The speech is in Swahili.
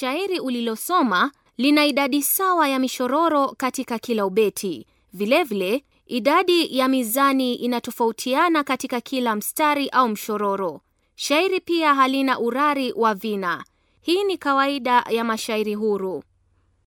shairi ulilosoma lina idadi sawa ya mishororo katika kila ubeti. Vilevile, idadi ya mizani inatofautiana katika kila mstari au mshororo. Shairi pia halina urari wa vina. Hii ni kawaida ya mashairi huru.